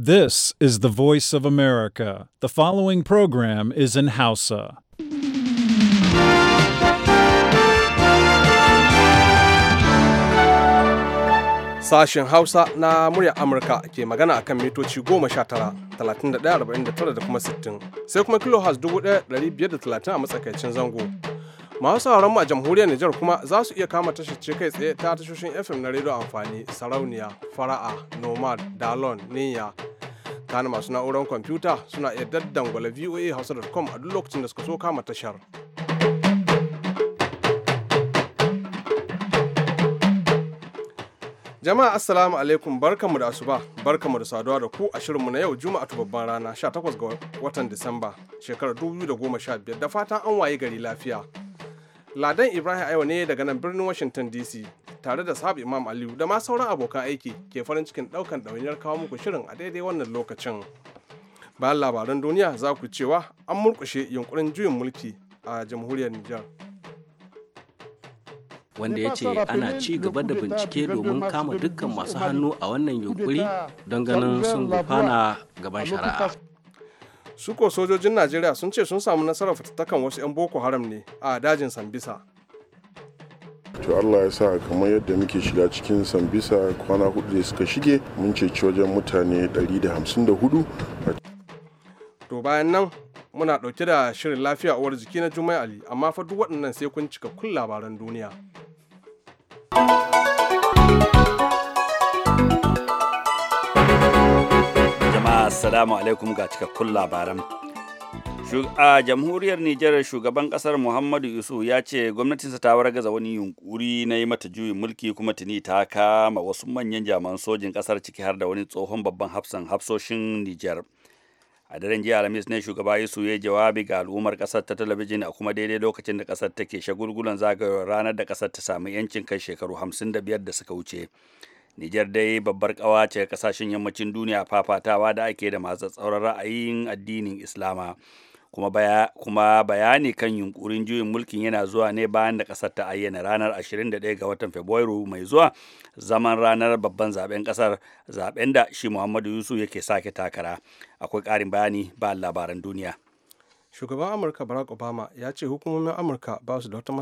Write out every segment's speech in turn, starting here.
This is the voice of America. The following program is in Hausa. Sashen Hausa na muryar Amurka ke magana akan mitoci 19, da kuma 60, sai kuma kilohaz 1530 a matsakaicin zango. masu sauraron mu a jamhuriyar Nijar kuma za su iya kama tashar kai tsaye ta tashoshin FM na rediyo amfani sarauniya fara'a nomad dalon niya kana masu na'urar kwamfuta suna iya daddangwala voa hausa.com a duk lokacin da suka so kama tashar jama'a assalamu alaikum barkamu da asuba barkamu da saduwa da ku a shirinmu na yau juma'a ta babban rana 18 ga watan disamba shekarar 2015 da fatan an waye gari lafiya Ladan Ibrahim Ayo ne daga nan birnin Washington DC tare da sahab Imam Aliyu da ma sauran abokan aiki ke farin cikin daukan ɗawainiyar kawo muku shirin a daidai wannan lokacin. Bayan labaran duniya za ku cewa an murkushe yunkurin juyin mulki a jamhuriyar Nijar. wanda ya ce ana ci gaba da bincike domin kama dukkan masu hannu a wannan yunkuri don ganin sun gufana gaban shari'a. su ko sojojin najeriya sun ce sun samu nasarar fitattakan wasu 'yan boko haram ne a dajin sambisa to allah ya sa kamar yadda muke shiga cikin sambisa kwana hudu da suka shige mun ceci wajen mutane 154 to bayan nan muna dauke da shirin lafiya uwar jiki na juma'a ali amma fa duk waɗannan sai kun cika kun labaran duniya Assalamu alaikum ga cikakkun labaran. A jamhuriyar Nijar shugaban kasar Muhammadu Yusuf ya ce gwamnatinsa ta wargaza wani yunkuri na yi mata juyin mulki kuma tuni ta kama wasu manyan jaman sojin kasar ciki har da wani tsohon babban hafsan hafsoshin Nijar. A daren jiya Alhamis ne shugaba Yusuf ya jawabi ga al'ummar kasar ta talabijin a kuma daidai lokacin da kasar take shagulgulan zagayowar ranar da kasar ta samu 'yancin kai shekaru da biyar da suka wuce. Nijar dai babbar ƙawa ce kasashen yammacin duniya fafatawa da ake da masu tsauran ra'ayin addinin Islama. Kuma, baya, kuma bayani kan yunkurin juyin mulkin yana zuwa ne bayan da ƙasar ta ayyana ranar 21 ga watan Fabrairu mai zuwa zaman ranar babban zaben ƙasar zaben da shi Muhammadu Yusuf yake sake takara. Akwai ƙarin bayani ba labaran duniya. Shugaban Amurka Barack Obama ya ce hukumomin Amurka ba su da wata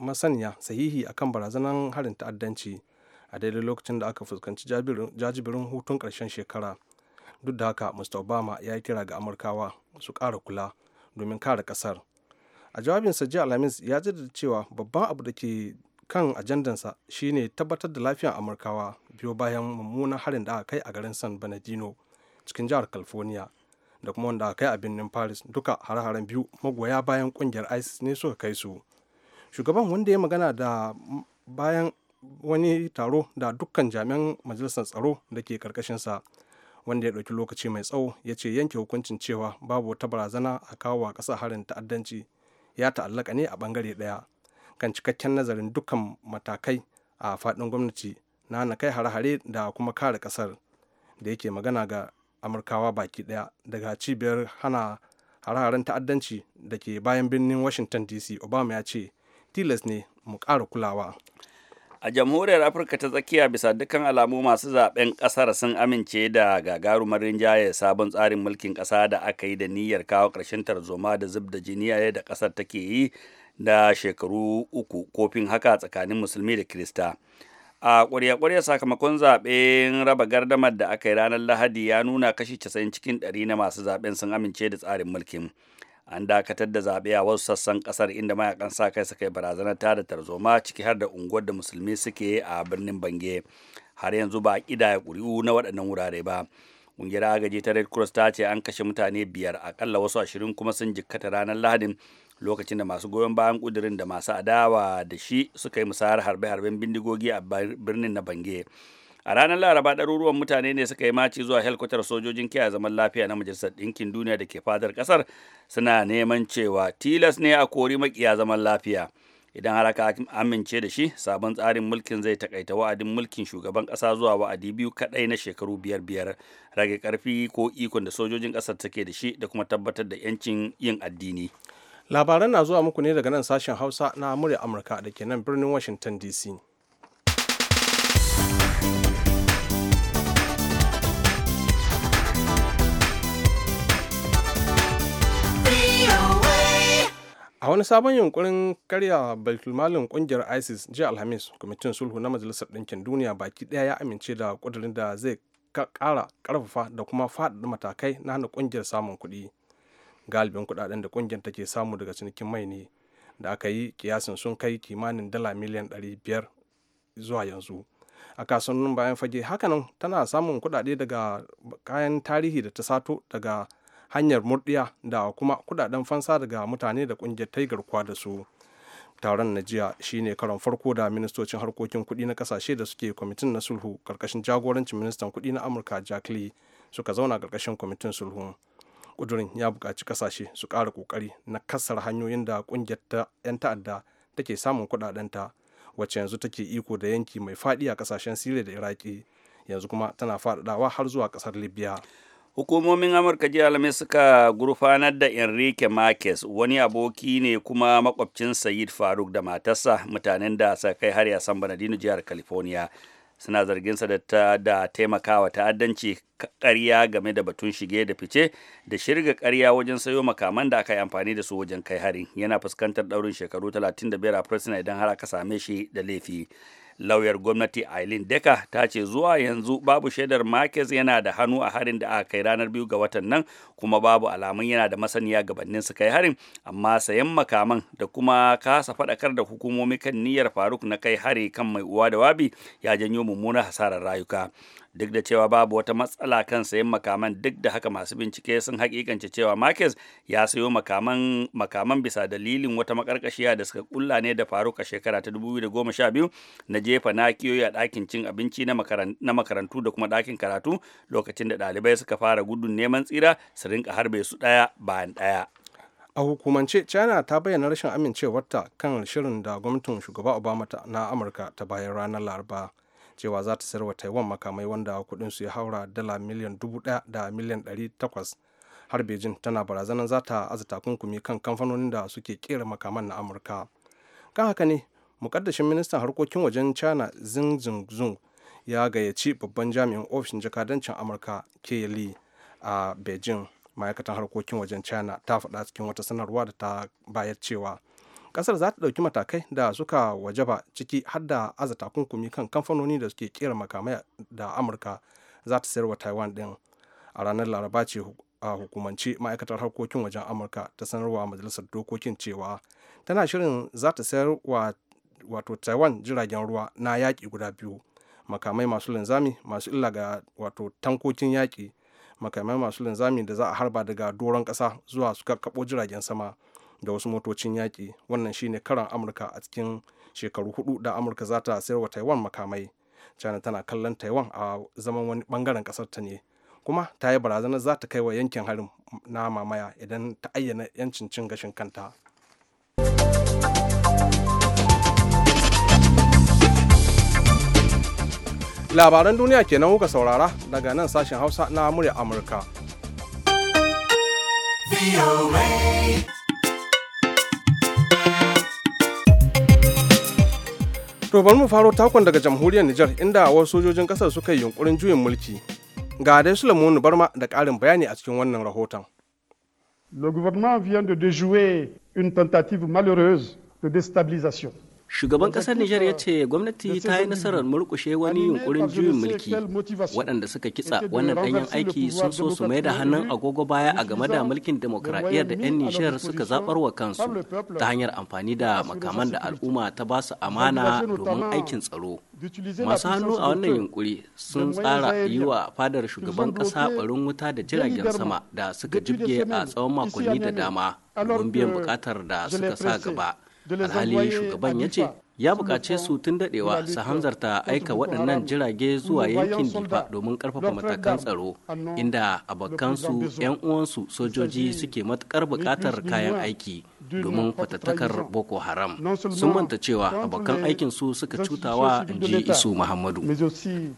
masaniya sahihi akan barazanar harin ta'addanci. a daidai lokacin da aka fuskanci jajibirin hutun ƙarshen shekara duk da haka mr obama ya yi kira ga amurkawa su kara kula domin kare kasar a jawabinsa jiya alhamis ya da cewa babban abu da ke kan ajandansa shine tabbatar da lafiyar amurkawa biyo bayan mummunan harin da aka kai a garin san benedino cikin jihar california da kuma wanda aka kai a birnin paris duka hare-haren biyu magoya bayan kungiyar isis ne suka kai su shugaban wanda ya magana da bayan wani taro da dukkan jami'an majalisar tsaro da ke karkashinsa wanda ya ɗauki lokaci mai tsawo ya ce yanke hukuncin cewa babu wata barazana a kawo wa ƙasa harin ta'addanci ya ta'allaka ne a bangare ɗaya kan cikakken nazarin dukkan matakai a faɗin gwamnati na na kai hare-hare da kuma kare ƙasar da yake magana ga amurkawa baki ɗaya daga cibiyar hana hare-haren ta'addanci da ke bayan birnin washington dc obama ya ce tilas ne mu ƙara kulawa a jamhuriyar afirka ta tsakiya bisa dukkan alamu masu zaben kasar sun amince da gagarumar rinjaye sabon tsarin mulkin kasa da aka yi da niyyar kawo ƙarshen tarzoma da zub da jiniya da kasar take yi da shekaru uku kofin haka tsakanin musulmi da kirista a ƙwarya-ƙwarya sakamakon zaɓen raba gardamar da aka yi ranar lahadi ya nuna kashi 90 cikin ɗari na masu zaɓen sun amince da tsarin mulkin an dakatar da zaɓe a wasu sassan ƙasar inda mayakan sa kai suka yi barazanar tada tarzoma ciki har da unguwar da musulmi suke a birnin bange har yanzu ba a ƙidaya ƙuri'u na waɗannan wurare ba ƙungiyar agaji ta red cross ta ce an kashe mutane biyar aƙalla wasu ashirin kuma sun jikkata ranar lahadin lokacin da masu goyon bayan ƙudurin da masu adawa da shi suka yi musayar harbe-harben bindigogi a birnin na bange a ranar laraba ɗaruruwan mutane ne suka yi maci zuwa helkwatar sojojin kiyaye zaman lafiya na majalisar ɗinkin duniya da ke fadar ƙasar suna neman cewa tilas ne a kori makiya zaman lafiya idan har aka amince da shi sabon tsarin mulkin zai takaita wa'adin mulkin shugaban ƙasa zuwa wa'adi biyu kaɗai na shekaru biyar biyar rage ƙarfi ko ikon da sojojin ƙasar take da shi da kuma tabbatar da 'yancin yin addini labaran na zuwa muku ne daga nan sashen hausa na amurka da ke nan birnin washington dc a wani sabon yunkurin karya malin kungiyar isis jiya alhamis kwamitin sulhu na majalisar ɗinkin duniya baki ɗaya ya amince da ƙudurin da zai kara ƙarfafa da kuma faɗaɗa matakai na hana kungiyar samun kuɗi galibin kuɗaɗen da kungiyar take samu daga cinikin mai ne da aka yi kiyasin sun kai kimanin dala miliyan biyar zuwa yanzu a kasuwannin bayan fage hakanan tana samun kuɗaɗe daga kayan tarihi da ta sato daga hanyar murdiya da kuma kudaden fansa daga mutane da kungiyar ta yi garkuwa da su taron na jiya shine karon farko da ministocin harkokin kuɗi na kasashe da suke kwamitin na sulhu karkashin jagorancin ministan kuɗi na amurka jack lee suka zauna karkashin kwamitin sulhu kudurin ya buƙaci kasashe su ƙara ƙoƙari na kasar hanyoyin da ƙungiyar ta 'yan ta'adda take samun kuɗaɗenta wacce yanzu take iko da yanki mai faɗi a kasashen siriya da iraki yanzu kuma tana faɗaɗawa har zuwa ƙasar libya Hukumomin Amurka jiya alamai suka gurfanar da Enrique Marquez wani aboki ne kuma makwabcin Sayid Faruk da matarsa mutanen da suka kai har san Banadino jihar California. Suna zarginsa da da taimakawa ta'addanci ƙarya game da batun shige da fice da shirga ƙarya wajen sayo makaman da aka yi amfani da su wajen kai harin. Yana fuskantar daurin shekaru 35 a fursuna idan har aka same shi da laifi. lauyar gwamnati aileen deka ta ce zuwa yanzu babu shaidar marquez yana da hannu a harin da aka kai ranar biyu ga watan nan kuma babu alamun yana da masaniya gabanin su kai harin amma sayan makaman da kuma kasa faɗakar da hukumomi kan niyyar faruk na kai hari kan mai uwa da wabi ya janyo mummunar hasarar rayuka duk da cewa babu wata matsala kan sayan makaman duk da haka masu bincike sun hakikance cewa Marquez ya sayo makaman makaman bisa dalilin wata makarkashiya da suka kulla ne da faruka shekara ta 2012 na jefa nakiyoyi a dakin cin abinci na makarantu da kuma dakin karatu lokacin da ɗalibai suka fara gudun neman tsira su rinka harbe su ɗaya bayan ɗaya. a hukumance china ta bayyana rashin amincewarta kan shirin da gwamnatin shugaba obama na amurka ta bayan ranar laraba cewa za ta wa taiwan makamai wanda kudinsu ya haura dala miliyan dubu daya da miliyan ɗari takwas har beijing tana barazanar za ta aza takunkumi kan kamfanonin da suke kera makaman na amurka kan haka ne mukaddashin ministan harkokin wajen china zing zung ya gayyaci babban jami'in ofishin jakadancin amurka kelly a beijing ma'aikatan harkokin wajen china ta faɗa cikin wata sanarwa da ta bayar cewa kasar za ta ɗauki matakai da suka wajaba ciki har da aza takunkumi kan kamfanoni da suke kera makamai da amurka za ta sayarwa taiwan ɗin a ranar laraba ce a hukumance ma'aikatar harkokin wajen amurka ta sanarwa majalisar dokokin cewa tana shirin za ta sayar wa wato taiwan jiragen ruwa na yaƙi guda biyu makamai masu linzami masu illa ga wato tankokin yaƙi makamai masu linzami da za a harba daga doron ƙasa zuwa su kakkaɓo jiragen sama da wasu motocin yaƙi wannan shine karan amurka a cikin shekaru hudu da amurka za ta sayar wa taiwan makamai china tana kallon taiwan a zaman wani bangaren kasar ta ne kuma ta yi barazanar za ta kai wa yankin harin na mamaya idan ta ayyana yancin cin gashin kanta labaran duniya kenan kuka saurara daga nan sashen hausa na murya amurka To bari mu faro takon daga jamhuriyar Nijar inda wasu sojojin kasar suka yi yunkurin juyin mulki. Ga dai Sulemonu Barma da ƙarin bayani a cikin wannan rahoton. Le gouvernement vient de déjouer une tentative malheureuse de déstabilisation. shugaban kasar nijar ya ce gwamnati ta yi nasarar murkushe wani yunkurin juyin mulki waɗanda suka kitsa wannan ɗanyen aiki sun so su mai da hannun agogo baya a game da mulkin demokradiyyar da 'yan niger suka zaɓar wa kansu ta hanyar amfani da makaman da al'umma ta ba su amana domin aikin tsaro masu hannu a wannan yunkuri sun tsara yi wa fadar shugaban ƙasa barin wuta da jiragen sama da suka jibge a tsawon makonni da dama domin biyan bukatar da suka sa gaba alhali shugaban ya ce ya buƙace su tun daɗewa su hanzarta aika waɗannan jirage zuwa yankin difa domin ƙarfafa matakan tsaro inda abokansu 'yan uwansu sojoji suke matuƙar buƙatar kayan aiki domin fatattakar boko haram sun manta cewa abokan aikin su suka cutawa inji isu muhammadu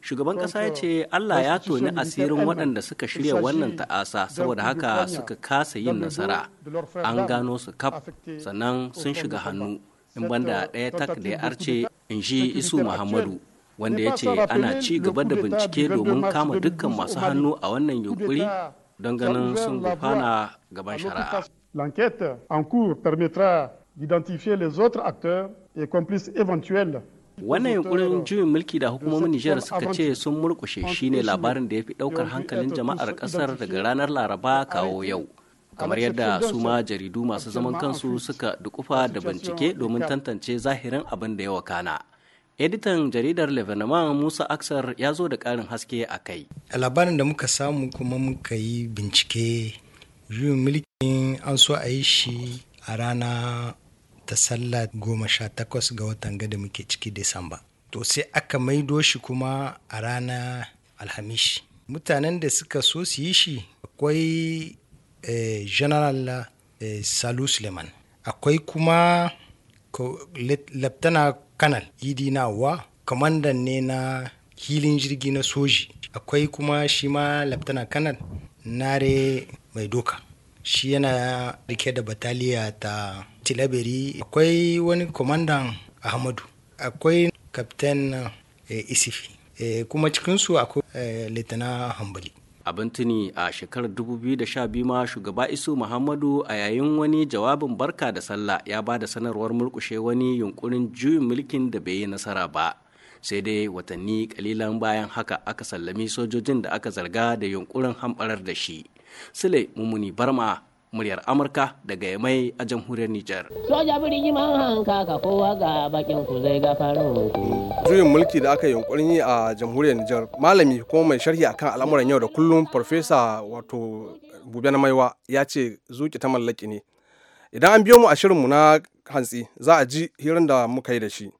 shugaban ƙasa ya ce allah ya toni asirin waɗanda suka shirya wannan ta'asa saboda haka suka kasa yin nasara an gano su kaf sannan sun shiga hannu in banda ɗaya tak da ya arce in ji isu muhammadu wanda ya ce ana ci gaba da bincike domin kama dukkan masu hannu a wannan yunkuri don ganin sun gufana gaban shari'a. L'enquête en cours permettra d'identifier les autres acteurs et complices éventuels wannan yunkurin juyin mulki da hukumomin Nijar suka ce sun murkushe shine labarin da ya fi ɗaukar hankalin jama'ar kasar daga ranar Laraba kawo yau. kamar yadda su ma jaridu masu zaman kansu suka dukufa da bincike domin tantance zahirin abin da ya wakana editan jaridar levenama musa aksar ya zo da ƙarin haske a kai a labarin da muka samu kuma muka yi bincike yiwu mulkin an so a yi shi a rana ta sallah goma sha takwas ga watan gada muke ciki disamba to sai aka maido shi kuma a rana alhamishi mutanen da suka so su yi shi akwai Eh, general eh, salu suleiman akwai kuma laftana kanal idi wa kamandan ne na hilin jirgi na soji akwai kuma shi ma laftana kanal nare mai doka shi yana rike da bataliya ta tilaberi akwai wani kwamandan ahmadu akwai kapten eh, isifi kuma cikinsu akwai e, hambali abin tuni a shekarar 2012 ma shugaba isu muhammadu a yayin wani jawabin barka da sallah ya ba da sanarwar murkushe wani yunkurin juyin mulkin da bai yi nasara ba sai dai watanni kalilan bayan haka aka sallami sojojin da aka zarga da yunkurin hamɓarar da shi sule mummuni barma muryar Amurka daga Yamai a jamhuriyar niger. Soja birni man hanka ka kowa ga bakin ku zai ga farin Juyin mulki da aka yunkurin yi a jamhuriyar Nijar malami kuma mai sharhi akan al'amuran yau da kullum farfesa wato Bube na Maiwa ya ce zuki ta mallaki ne. Idan an biyo mu a shirin mu na hantsi za a ji hirin da muka yi da shi.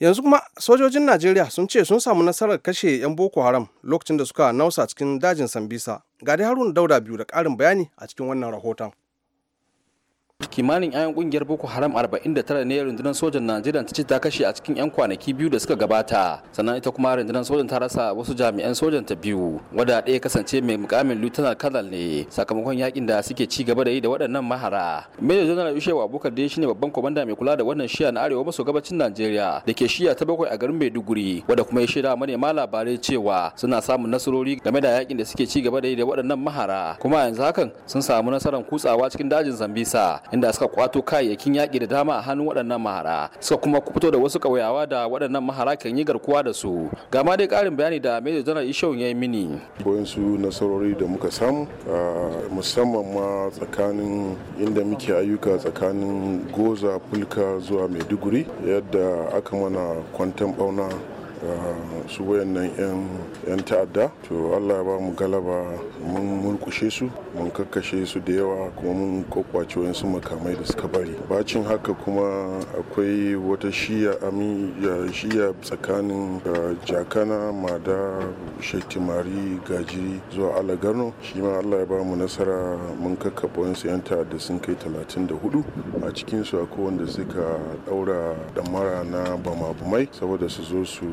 yanzu kuma sojojin najeriya sun ce sun samu nasarar kashe 'yan boko haram lokacin da suka nausa cikin dajin sambisa Ga dai Haruna Dauda biyu da ƙarin bayani a cikin wannan rahoton. kimanin 'ya'yan kungiyar boko haram 49 ne rundunar sojan najeriya ta ce ta kashe a cikin 'yan kwanaki biyu da suka gabata sannan ita kuma rundunar sojan ta rasa wasu jami'an sojan ta biyu wadda ɗaya kasance mai mukamin lieutenant colonel ne sakamakon yakin da suke ci gaba da yi da waɗannan mahara major general yushewa abubakar dai shine babban kwamanda mai kula da wannan shiya na arewa maso gabacin najeriya da ke shiya ta bakwai a garin maiduguri wadda kuma ya shaida manema labarai cewa suna samun nasarori game da yakin da suke ci gaba da yi da waɗannan mahara kuma yanzu hakan sun samu nasarar kutsawa cikin dajin zambisa inda suka kwato kayayyakin yaƙi da dama a hannun waɗannan mahara suka kuma fito da wasu ƙauyawa da waɗannan mahara kan yi garkuwa da su ga dai ƙarin bayani da mai General Ishon ya yi mini. su nasarori da muka samu musamman ma tsakanin inda muke ayyuka tsakanin Goza Fulka zuwa Maiduguri yadda aka mana kwantan ɓauna Eh, su wayannan 'yan ta'adda to allah ya ba mu galaba mun murkushe su mun kakkashe su da yawa kuma mun kwakwace wayansu makamai da suka bari bacin haka kuma akwai wata shiya shiya tsakanin eh, jakana mada shetimari gajiri zuwa alagano shi ma allah ya ba mu nasara mun kakkaɓa wayansu 'yan ta'adda sun kai 34 a cikinsu akwai wanda suka daura damara na bama-bamai saboda su zo su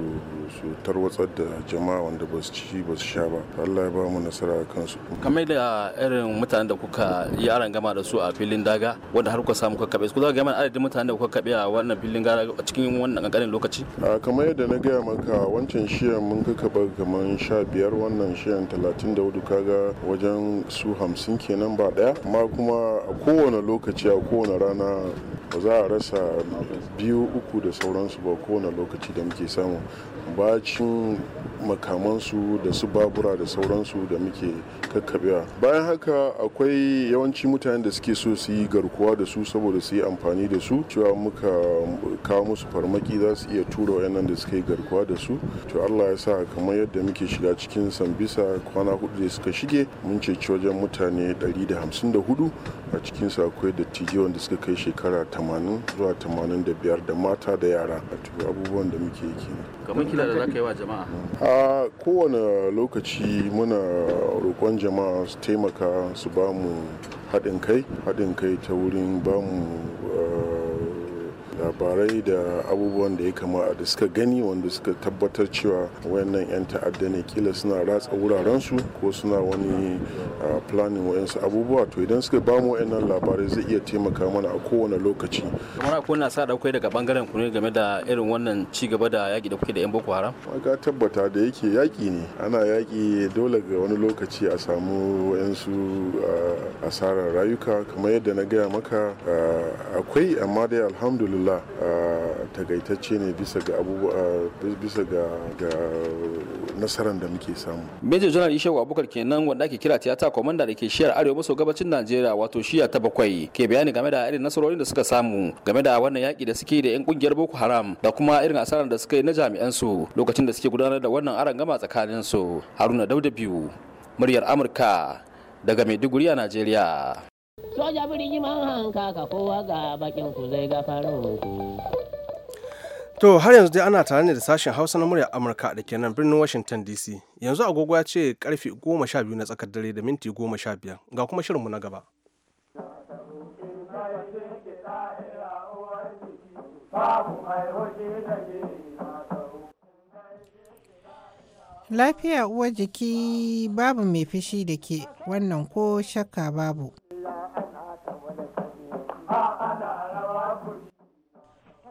su tarwatsar da jama'a wanda ba su ci ba su sha ba Allah ya ba mu nasara a kansu kamar da irin mutanen da kuka yi aran gama da su a filin daga wanda har kuka samu kuka su ku za ga mana adadin mutanen da kuka kabe a wannan filin gara a cikin wannan kankanin lokaci kamar yadda na gaya maka wancan shiyan mun ka kaba kamar sha biyar wannan shiyan talatin da hudu kaga wajen su hamsin kenan ba daya amma kuma a kowane lokaci a kowane rana ba za a rasa biyu uku da sauransu ba kowane lokaci da muke samu bacin makamansu da su babura da sauransu da muke kakkabewa bayan haka akwai yawanci mutane da suke so su yi garkuwa da su saboda su yi amfani da su cewa muka kawo musu farmaki za su iya tura wayannan da suka yi garkuwa da su to allah ya sa kamar yadda muke shiga cikin sambisa kwana hudu da suka shige mun ceci wajen mutane 154 a su akwai dattijai wanda suka kai shekara 80 zuwa 85 da mata da yara a abubuwan da muke yi kenan kamar kila da za ka yi wa jama'a a kowane lokaci muna roƙon jama'a su taimaka su ba mu haɗin kai haɗin kai ta wurin ba mu labarai da abubuwan da ya kama da suka gani wanda suka tabbatar cewa wayannan 'yan ta'adda ne kila suna ratsa wurarensu ko suna wani planning wayansu abubuwa to idan suka ba mu wayannan labarai zai iya taimaka mana a kowane lokaci kamar akwai na sa daukai daga bangaren ku ne game da irin wannan ci gaba da yaki da kuke da 'yan boko haram ka tabbata da yake yaki ne ana yaki dole ga wani lokaci a samu wayansu asarar rayuka kamar yadda na gaya maka akwai amma dai alhamdulillah tagaitacce ne bisa ga abubuwa bisa ga nasarar da muke samu. Major General Ishaku Abubakar kenan wanda ake kira tiyata komanda da ke shiyar arewa maso gabacin Najeriya wato shiya ta bakwai ke bayani game da irin nasarorin da suka samu game da wannan yaki da suke da yan kungiyar Boko Haram da kuma irin asarar da suka yi na jami'an su lokacin da suke gudanar da wannan arangama tsakanin su Haruna Dauda biyu muryar Amurka daga Maiduguri a Najeriya. Soja birni man hanka ka kowa ga bakin ku zai ga farin ku. To har yanzu dai ana tare ne da sashen Hausa na muryar Amurka da ke nan birnin Washington DC. Yanzu agogo ya ce karfe goma biyu na tsakar dare da minti goma sha biyar ga kuma shirinmu na gaba. Lafiya uwar jiki babu mai fishi da ke wannan ko shakka babu.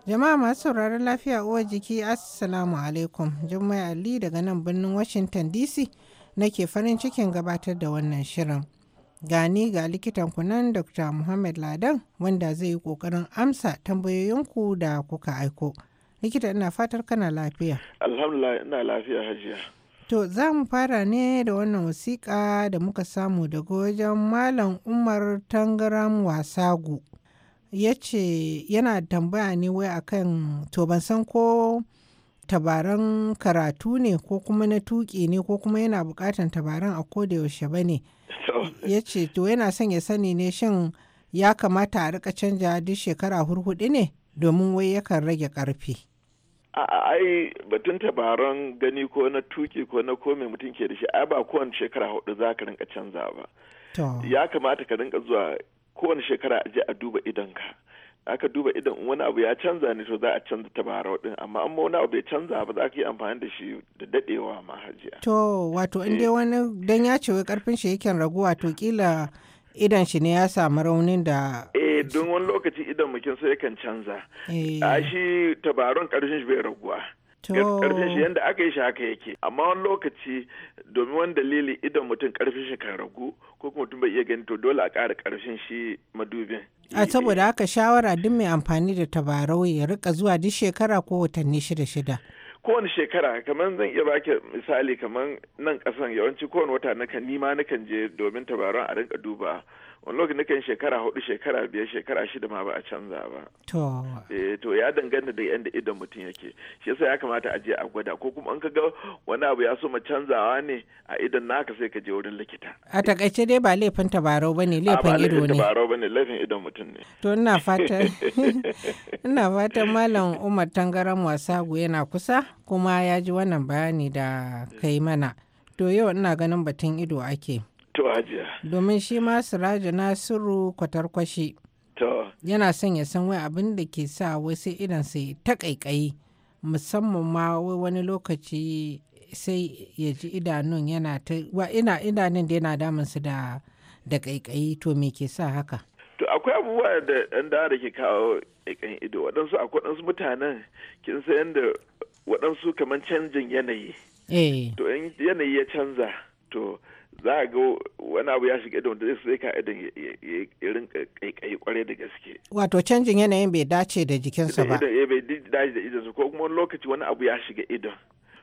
Jama'a masu sauraron lafiya uwar jiki Assalamu alaikum. Jummai Ali daga nan birnin Washington DC nake farin cikin gabatar da wannan shirin. Gani ga likitan kunan Dr. Muhammad Ladan wanda zai yi kokarin amsa tambayoyinku da kuka aiko. Likita ina fatar kana lafiya. Alhamdulillah ina lafiya hajiya. To za mu fara ne da wannan wasiƙa da muka samu daga wajen Malam Umar Tangaram Wasagu. ya ce yana tambaya ne wai akan to ban san ko tabaran karatu ne ko kuma na tuki ne ko kuma yana bukatan tabaran a koda yaushe ba ne ya ce to yana son ya sani ne shin ya kamata a rika canja duk shekara hurhuɗu ne domin wai yakan rage ƙarfi ai batun tabaran gani ko na tuki ko na komai mutum ke da shi ai ba kowane shekara hudu za ka rinka canza ba ya kamata ka rinka zuwa kowane shekara a je a duba idonka aka duba idan wani abu ya canza ne to za a canza tabarau din amma an wani abu bai canza ba za ka yi amfani da shi da dadewa ma hajiya to wato in dai eh. wani dan ya ce wai karfin shi yake raguwa to kila idan shi ne ya samu raunin da eh don wani lokaci idan mukin sai yakan canza eh. a shi tabaron karshen shi bai raguwa karfin shi yadda aka yi shi haka yake amma wani lokaci domin wani dalili idan mutum karfin shi kan ragu ko kuma mutum bai iya gani to dole a ƙara karfin shi madubin a saboda haka shawara duk mai amfani da tabarau ya rika zuwa duk shekara ko watanni shida shida kowane shekara kamar zan iya baki misali kamar nan kasan yawanci kowane wata nakan nima nakan je domin tabarau a rinka duba wani lokacin kan shekara hudu shekara biyar shekara shida ma ba a canza ba to eh, ya danganta da yadda idan mutum yake shi yasa ya kamata a je a gwada ko kuma an ka ga wani abu ya so ma canzawa ne a idan naka sai ka je wurin likita a takaice dai ba laifin tabarau ne laifin ido ne ba laifin tabarau laifin idon mutum ne to ina fatan ina fatan malam Umar Tangaran Wasagu yana kusa kuma ya ji wannan bayani da kai mana to yau ina ganin batun ido ake To hajiya. Domin shi ma Siraji Nasiru kwatarkwashi. To. Yana son ya san wai abin da ke sa wai sai idan sai ta ƙaiƙayi musamman ma wai wani lokaci sai ya ji idanun yana ta wa ina idanun da yana damun su da da ƙaiƙayi to me ke sa haka? To akwai abubuwa da ɗan da ke kawo ƙaiƙayin ido waɗansu akwai waɗansu mutanen kin san da waɗansu kamar canjin yanayi. Eh. To yanayi ya canza to za a ga wani abu ya shiga idon da zai ka idon ya rinka kaikai kwarai da gaske wato canjin yanayin bai dace da jikinsa ba idan eh, bai dace da idonsa ko kuma lokaci wani abu ya shiga idon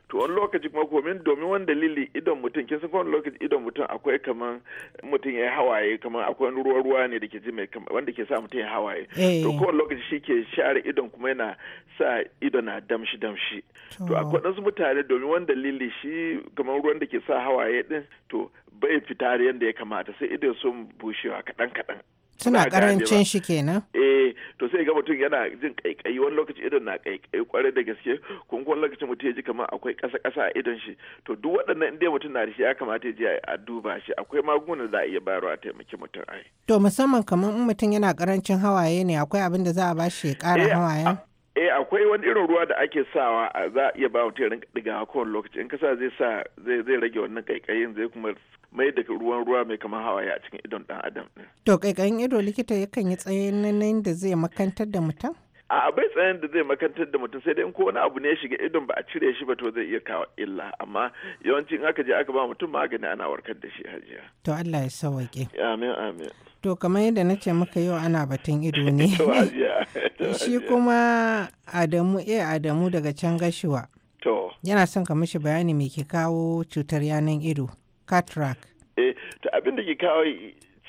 to wani lokaci kuma komin domin wani dalili idon mutum kin san wani lokaci idon mutum akwai kaman mutum ya hawaye kaman akwai ruwa ruwa ne da ke ji mai wanda ke sa mutum ya hawaye eh. to wani lokaci shi ke share idon kuma yana sa idon na damshi damshi to akwai wasu mutane domin wani dalili shi kaman ruwan da ke sa hawaye din to bai fitare yadda ya kamata sai idon sun bushewa kaɗan kaɗan suna karancin shi kenan eh to sai ga mutum yana jin kaikayi wani lokaci idan na kaikayi kwarai da gaske kun wani lokaci mutum ya ji kamar akwai kasa kasa a idon shi to duk waɗannan inda mutum na da shi ya kamata ya je a duba shi akwai magunguna za a iya bayarwa a taimaki mutum ai to musamman kamar in mutum yana karancin hawaye ne akwai abin da za a bashi ya kara eh, hawayen e akwai wani irin ruwa da ake sawa a za a iya ba mutum rinka diga kowane lokaci in kasa zai sa zai rage wannan kaikayin zai kuma mai da ruwan ruwa mai kamar hawaye a cikin idon dan adam to kaikayin ido likita yakan yi tsaye nan da zai makantar da mutum a bai tsayin da zai makantar da mutum sai dai in ko wani abu ne ya shiga idon ba a cire shi ba to zai iya kawo illa amma yawanci in aka je aka ba mutum magani ana warkar da shi hajiya to Allah ya sauke amin amin to kamar yadda na ce maka yau ana batun ido ne shi kuma Adamu eh Adamu daga can gashiwa to yana son ka mishi bayani me ke kawo cutar yanan ido cataract eh to abin da ke kawo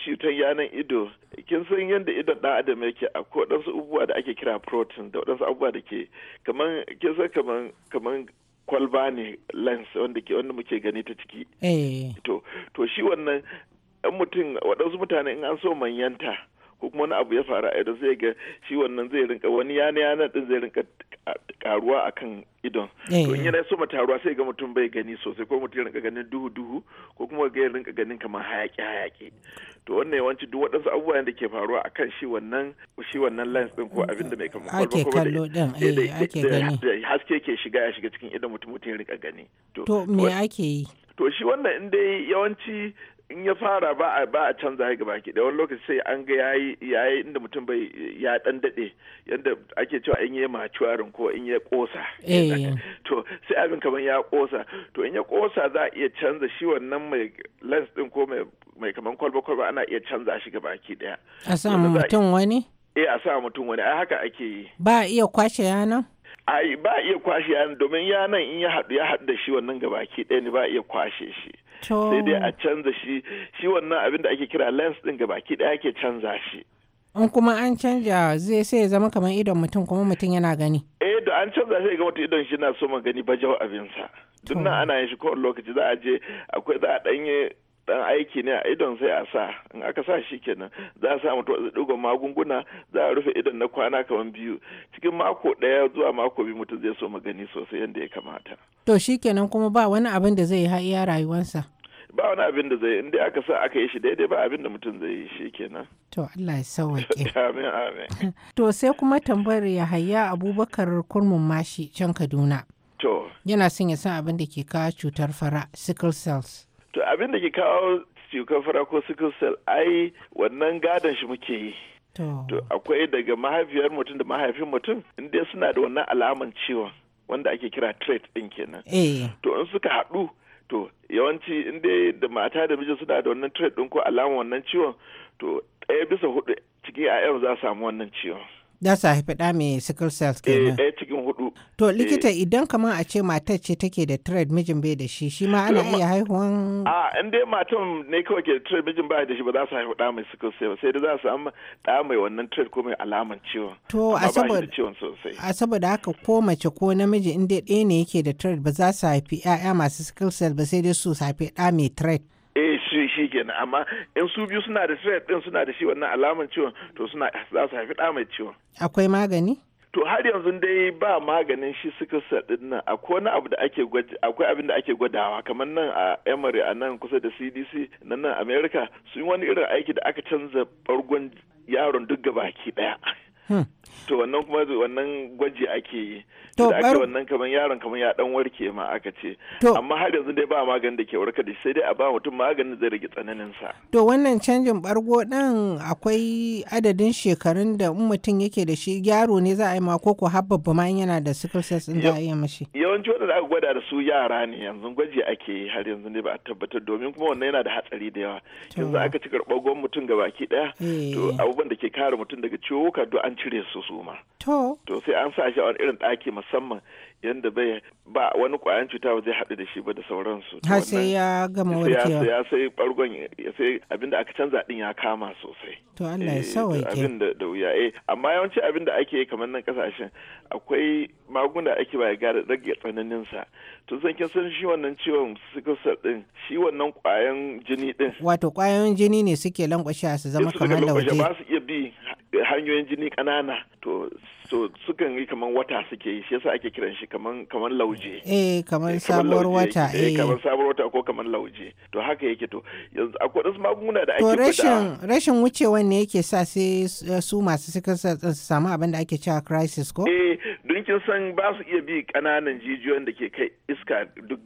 cutar yanan ido kin san yadda ido ɗan adam yake akwai waɗansu abubuwa da ake kira protein da waɗansu abubuwa da ke kaman kin san kaman kaman kwalba ne lens wanda ke wanda muke gani ta ciki eh. to to shi wannan mutum waɗansu mutane in an so manyanta ko kuma wani abu ya faru a ido zai ga shi wannan zai rinka wani yana yana din zai rinka karuwa akan idon eh. to in yana ma taruwa sai ga mutum bai gani sosai ko mutum ya rinka ganin duhu duhu ko kuma ga ya rinka ganin kamar hayaki hayaki to wannan yawanci duk waɗansu abubuwan da ke faruwa akan shi wannan shi wannan lens din ko abin da mai kama ake kallo din eh, ake haske ke shiga ya shiga cikin idon mutum mutum ya rinka gani to me ake yi to shi wannan in dai yawanci in ya fara ba a ba a canza haka baki da wani lokaci sai an ga yayi yayi inda mutum bai ya dan dade yanda ake cewa in ya machuwarin ko in ya kosa eh, eh. to sai abin kaman ya kosa to in ya kosa za a iya canza shi wannan mai lens din ko mai mai kaman kwalba kwalba ana iya canza shi ga baki daya a sa mutum wani eh a sa mutum wani ai haka ake yi ba iya kwashe yanan ai ba iya kwashe yanan domin yanan in ya haɗu ya haɗu da shi wannan gabaki ɗaya ne ba a iya kwashe shi sai dai a canza shi shi wannan abin da ake kira lens din baki daya ke canza shi in kuma an canja zai sai zama kamar idon mutum kuma mutum yana gani eh da an canza sai ga wata idon shi na so gani bajau abinsa duk nan ana yin shi kowane lokaci za a je akwai za a danye dan aiki ne a idon sai a sa in aka sa shi kenan za a sa mutum a digon magunguna za a rufe idon na kwana kamar biyu cikin mako ɗaya zuwa mako biyu mutum zai so magani sosai yadda ya kamata to shi kenan kuma ba wani abin da zai yi iya rayuwarsa ba wani abin da zai inda aka sa aka yi shi daidai ba abin da mutum zai yi shi kenan to Allah ya sauwaƙe amin amin to sai kuma tambayar Yahaya Abubakar Kurmun Mashi can Kaduna to yana son ya san abin da ke kawo cutar fara sickle cells to abin da ke kawo cutar fara ko sickle cell ai wannan gadon shi muke yi to akwai daga mahaifiyar mutum da mahaifin mutum inda suna da wannan alaman ciwon wanda ake kira trade din kenan eh. to in suka haɗu to yawanci in dai da mata da miji suna da wannan trade din ko alama wannan ciwon to ɗaya bisa hudu cikin 'ya'yan za su samu wannan ciwon Za su haifi ɗa mai sickle cells eh, kenan. Eh, cikin hudu. To likita eh. idan kamar a ce matar ce take da trade mijin bai da shi shi ma ana iya haihuwan. A in dai matan ne kawai ke da thread mijin bai da shi ba za su haifi ɗa mai sickle cell sai dai za su amma ɗa mai wannan trade ko mai alaman ciwon. To a saboda ciwon sosai. A saboda haka ko mace ko namiji in dai ɗaya ne yake da trade ba za su haifi ƴaƴa masu sickle cell ba sai dai su haifi ɗa mai trade. shi shi kenan amma in su biyu suna da stress din suna da shi wannan alamar ciwon to suna za su haifi ɗa mai ciwon akwai magani to har yanzu dai ba maganin shi suka din nan akwai wani abu da ake akwai abin da ake gwadawa kamar nan a emory a nan kusa da cdc na nan america sun yi wani irin aiki da aka canza bargon yaron duk gabaki daya Hmm. to wannan kuma wannan gwaji ake yi to da ake wannan kaman yaron kaman ya dan warke ma aka ce amma har yanzu dai ba maganin da ke warka da sai dai a ba mutum maganin zai rage tsananin sa to wannan canjin bargo din akwai adadin shekarun da in mutum yake da shi yaro ne za a yi ma ko ko habbabba ma yana da sickle cell din za a yi mashi yawanci wanda aka gwada da su yara ne yanzu gwaji ake yi har yanzu ne ba a tabbatar domin kuma wannan yana da hatsari da yawa yanzu aka ci karɓar mutum gabaki ɗaya to eh. abubuwan da ke kare mutum daga ciwo ka an cire su su ma. To. To sai an sa shi a wani irin ɗaki musamman yadda bai ba wani ƙwayan cuta ba zai haɗu da shi ba da sauransu. Ha sai ya gama warkewa. Ya sai ɓargon ya sai abinda aka canza ɗin ya kama sosai. To Allah ya eh, sawaike. Abin da wuya eh amma yawanci abin da ake yi kamar nan ƙasashen akwai magunguna ake ba ya rage tsananin sa. To zan kin san shi wannan ciwon sickle cell ɗin shi wannan ƙwayan jini ɗin. Wato ƙwayoyin jini ne suke lankwashe su zama kamar lauje. Ba su iya bi hanyoyin jini kanana to so sukan yi kaman wata suke yi shi yasa ake kiran shi kaman lauje eh kaman eh, sabuwar wata eh, eh kaman sabuwar wata ko kaman lauje to haka yake to yanzu akwai wasu magunguna da ake to rashin rashin wucewan ne yake sa sai su eh, masu suka samu abin da ake cewa crisis ko eh don kin san ba su iya bi kananan jijiyoyin da ke kai iska duk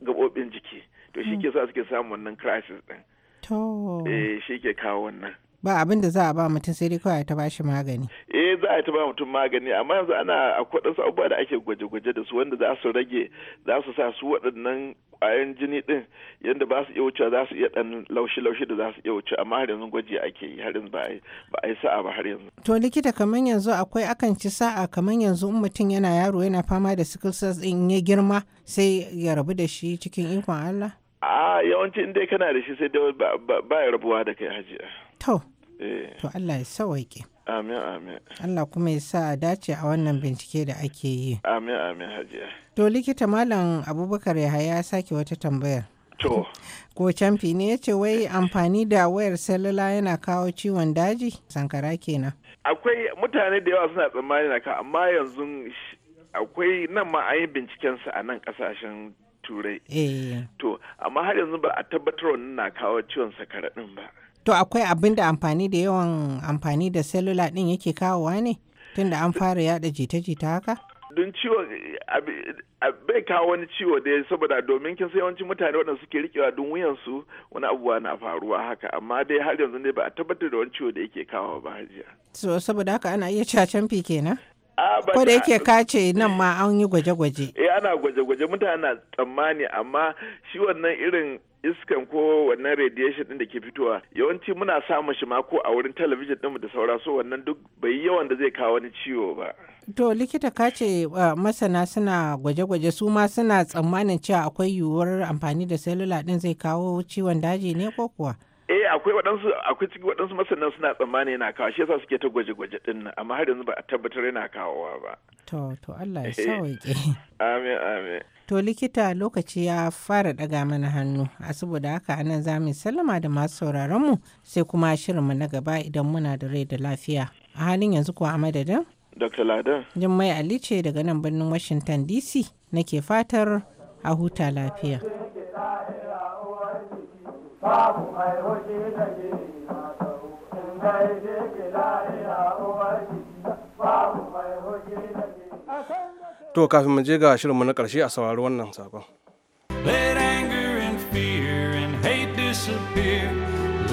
gabobin jiki to shi mm. ke sa suke samun wannan crisis din to eh shi ke kawo wannan ba abin da za a ba mutum sai dai kawai ta bashi magani eh za a ta ba mutum magani amma yanzu ana akwai ɗansu abubuwa da ake gwaje-gwaje da su wanda za su rage za su sa su waɗannan ƙwayan jini ɗin yadda ba su iya wuce za su iya ɗan laushi-laushi da za su iya wuce amma har yanzu gwaji ake yi har yanzu ba a yi sa'a ba har yanzu. to likita kamar yanzu akwai akan ci sa'a kamar yanzu in mutum yana yaro yana fama da sickle cell in ya girma sai ya rabu da shi cikin ikon Allah. a yawanci in dai kana da shi sai dai ba ya rabuwa da kai hajiya. To. Eh. To Allah ya sawaike. Amin amin. Allah kuma ya sa a dace a wannan bincike da ake yi. Amin amin hajiya. To likita malam Abubakar Yahaya ya sake wata tambayar. To. Ko camfi ne ya ce wai amfani da wayar salula yana kawo ciwon daji? Sankara kenan. Akwai mutane da yawa suna tsammani na amma yanzu akwai nan ma an yi sa a nan kasashen turai. Eh. To, amma har yanzu ba a tabbatar wannan na kawo ciwon sakara ɗin ba. To akwai abin da amfani da yawan amfani da selula din yake kawowa ne tunda an fara yada jita-jita haka? Don ciwo bai kawo wani ciwo da ya saboda domin kin sai yawancin mutane waɗanda suke rikewa don wuyansu wani abubuwa na faruwa haka amma dai har yanzu ne ba a tabbatar da wani ciwo da yake kawo ba hajiya. So saboda haka ana iya cacen fi kenan? ko da yake kace nan ma an yi gwaje-gwaje eh ana gwaje-gwaje mutane na tsammani amma shi wannan irin iskan ko wannan radiation din da ke fitowa yawanci muna samun shi mako a wurin talabijin ɗinmu da saura so wannan duk bai yi yawan da zai kawo wani ciwo ba. To likita ka ce masana suna gwaje-gwaje su ma suna tsammanin cewa akwai yiwuwar amfani da salula ɗin zai kawo ciwon daji ne ko kuwa? eh akwai waɗansu akwai cikin waɗansu masanan suna tsammani yana kawo shi yasa suke ta gwaje-gwaje din nan amma har yanzu ba a tabbatar yana kawowa ba to to Allah ya eh. sauke amin amin to likita lokaci ya fara ɗaga mana hannu a saboda haka anan za mu sallama da masu sauraron mu sai kuma mu na gaba idan muna da rai da lafiya a halin yanzu kuwa a madadin Dr. Ladan. Jummai Ali ce daga nan birnin Washington DC nake fatar a huta lafiya. babu mai hoshi da ke mata in dai ke kila ina ubangiji babu mai hoshi da ke To kafin mu je ga shirinmu na ƙarshe a saurari wannan sabon. Let anger and fear and hate disappear.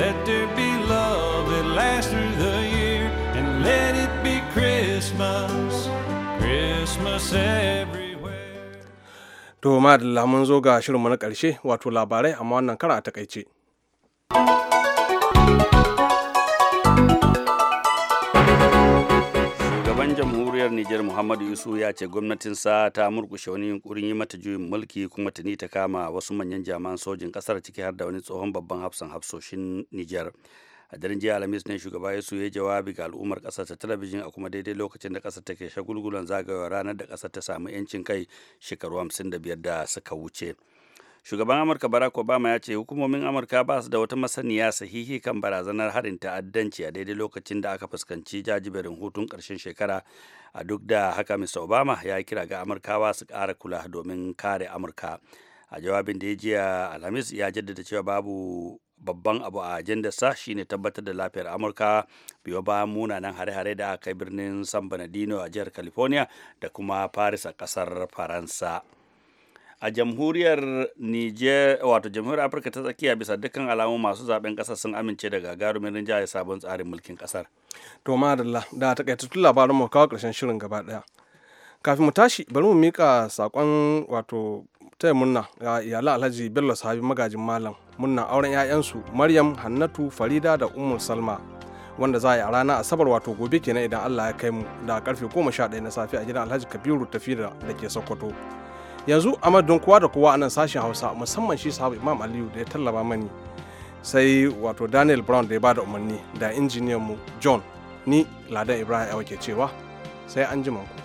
Let there be love that lasts through the year. And let it be Christmas, Christmas everywhere. To ma da mun zo ga shirinmu na ƙarshe wato labarai amma wannan kara a takaice. Nijar Muhammadu Isu ya ce gwamnatinsa ta murkushe wani yunkurin yi mata juyin mulki kuma tuni ta kama wasu manyan jaman sojin kasar ciki har da wani tsohon babban hafsan hafsoshin Nijar. A daren jiya Alhamis ne shugaba Isu ya jawabi ga al'ummar kasar ta talabijin a kuma daidai lokacin da kasar take shagulgulan zagayowar ranar da kasar ta samu 'yancin kai shekaru 55 da suka wuce. shugaban amurka barack obama ya ce hukumomin amurka ba su da wata masaniya sahihi kan barazanar harin ta'addanci a daidai lokacin da aka fuskanci jajiberin hutun karshen shekara a duk da haka mr obama ya kira ga amurkawa su ƙara kula domin kare amurka a jawabin da ya jiya alhamis ya jaddada cewa babu babban abu a ajandarsa shine tabbatar da lafiyar amurka biyo ba munanan hare-hare da aka yi birnin san bernardino a jihar california da kuma paris a kasar faransa a jamhuriyar Niger wato jamhuriyar Afirka ta tsakiya bisa dukkan alamu masu zaben kasar sun amince da gagarumin rinjaye sabon tsarin mulkin kasar. To madalla da takaitattun labarin mu kawo karshen shirin gaba daya. Kafin mu tashi bari mu mika sakon wato taya murna ga iyalan Alhaji Bello Sahabi magajin malam munna auren 'ya'yansu Maryam Hannatu Farida da Ummu Salma wanda za a yi a ranar asabar wato gobe kenan idan Allah ya kai mu da karfe 11 na safiya a gidan Alhaji Kabiru Tafira da ke Sokoto. yanzu a don kowa da kowa a nan sashen hausa musamman shi sahabu imam aliyu da ya tallaba mani sai wato daniel brown da ya bada umarni da injiniyan mu john ni ladan ibrahim wake cewa sai an ku.